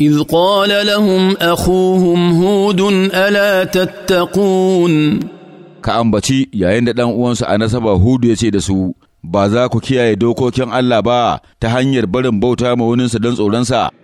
إذ قال لهم أخوهم هود ألا تتقون ka ambaci yayin da ɗan uwansu a nasaba hudu ya ce da su ba za ku kiyaye dokokin Allah ba ta hanyar barin bauta wa waninsa don tsoronsa